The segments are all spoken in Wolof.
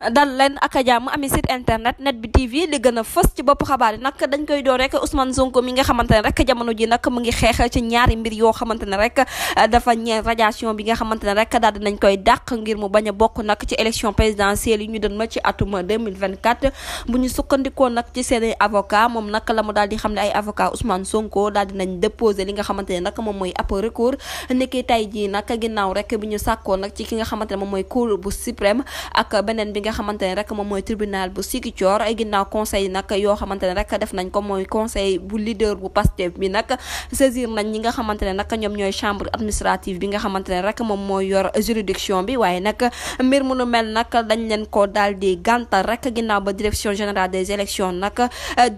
dal leen ak a jàmm ami site internet net bi tv li gën a fës ci bopp xabaar yi nag dañ koy door rek Ousmane Sonko mi nga xamante ne rek jamono ji nag mu ngi xeex ci ñaari mbir yoo xamante ne rek dafa ñeel radiation bi nga xamante ne rek daal nañ koy dàq ngir mu bañ a bokk nag ci élection présidentielle yi ñu dën ma ci atum 2024 bu ñu sukkandikoo nag ci seen avocat moom nag la mu daal di xam ne ay avocat Ousmane Sonko daal dinañ déposé li nga xamante ne nag moom mooy ab recours niki tey jii nag ginnaaw rek bi ñu sàkkoo nag ci ki nga xamante ne moom mooy cour bu suprême ak beneen bi nga xamante ne rek moom mooy tribunal bu Ziguinchor ginnaaw conseil nag yoo xamante ne rek def nañ ko mooy conseil bu leader bu Pastef bi nag saisir nañ ñi nga xamante ne nag ñoom ñooy chambre administrative bi nga xamante ne rek moom mooy yor juridiction bi waaye nag mbir mu mel nag dañ leen ko daal di gàntal ginnaaw ba direction générale des élections nag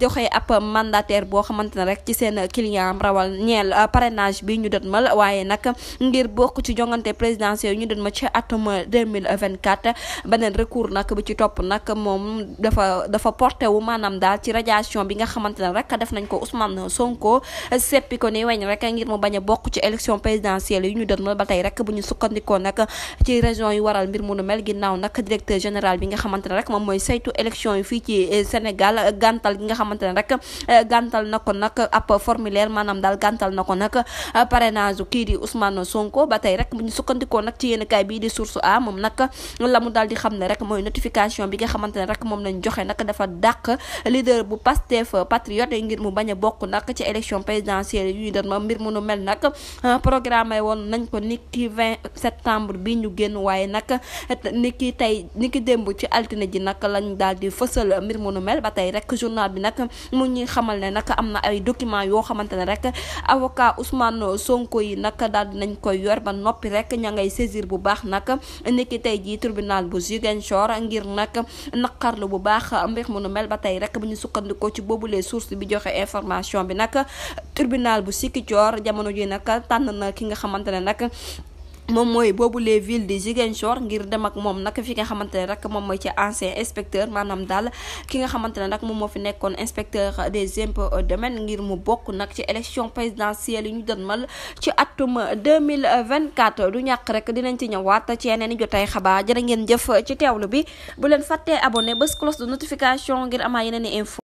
joxe ab mandataire boo xamante ne rek ci seen client rawal ñeel parrainage nag bi ci topp nag moom bi nga xamante ne rek def nañ ko Ousmane Sonko seppi ko ni weñ rek ngir mu bañ a bokk ci élection présidentielle yu ñu dënmal ba tey rek bu ñu sukkandikoo nag ci bi nga xamante ne rek moom mooy saytu élection yi fii ci eh, Sénégal gàntal gi nga xamante ne rek eh, gàntal na ko nag ab formulaire maanaam daal gàntal na ko nag parrainage kii di Ousmane Sonko ba tey rek bu ñu sukkandikoo nag ci yéen kaay bii di source a moom nag la mu daal di xam ne rek mooy notification bi nga xamante ne rek moom lañu joxe nag dafa dàq leader bu Pastef patriote ngir mu bañ a bokk nag ci élection présidentielle yu ñu dem mbir mu mel nag ah, programme woon nañ ko ni ki 20 septembre bi ñu génn waaye nag ni ki tey ni ki démb ci altine ji nag lañ daal di fësal mbir mu mel ba tey rek journal bi nag mu ñuy xamal ne nag am na ay documents yoo xamante ne rek avocat Ousmane Sonko yi nag daal di nañ koy yor ba noppi rek ña ngay saisir bu baax nag ni ki ngir nag naqarlu bu baax mbir mu nu mel ba tey rek bu ñu sukkandikoo ci boobu lee source bi joxe information bi nag tribunal bu Ziguinchor jamono ji nag tànn na ki nga xamante ne nag moom mooy boobu les villes de Ziguinchor ngir dem ak moom nag fi nga xamante ne rek moom mooy ci ancien inspecteur maanaam daal ki nga xamante ne nag moom moo fi nekkoon inspecteur de impôts et domaines ngir mu bokk nag ci élection présidentielle yi ñu dënmal ci atum 2024 du ñaq rek dinañ ci ñëwaat ci yeneen i jotaay xabaar jërë ngeen jëf ci teewlu bi bu leen fàttee abonné bés cloche de notification ngir amaa yeneen info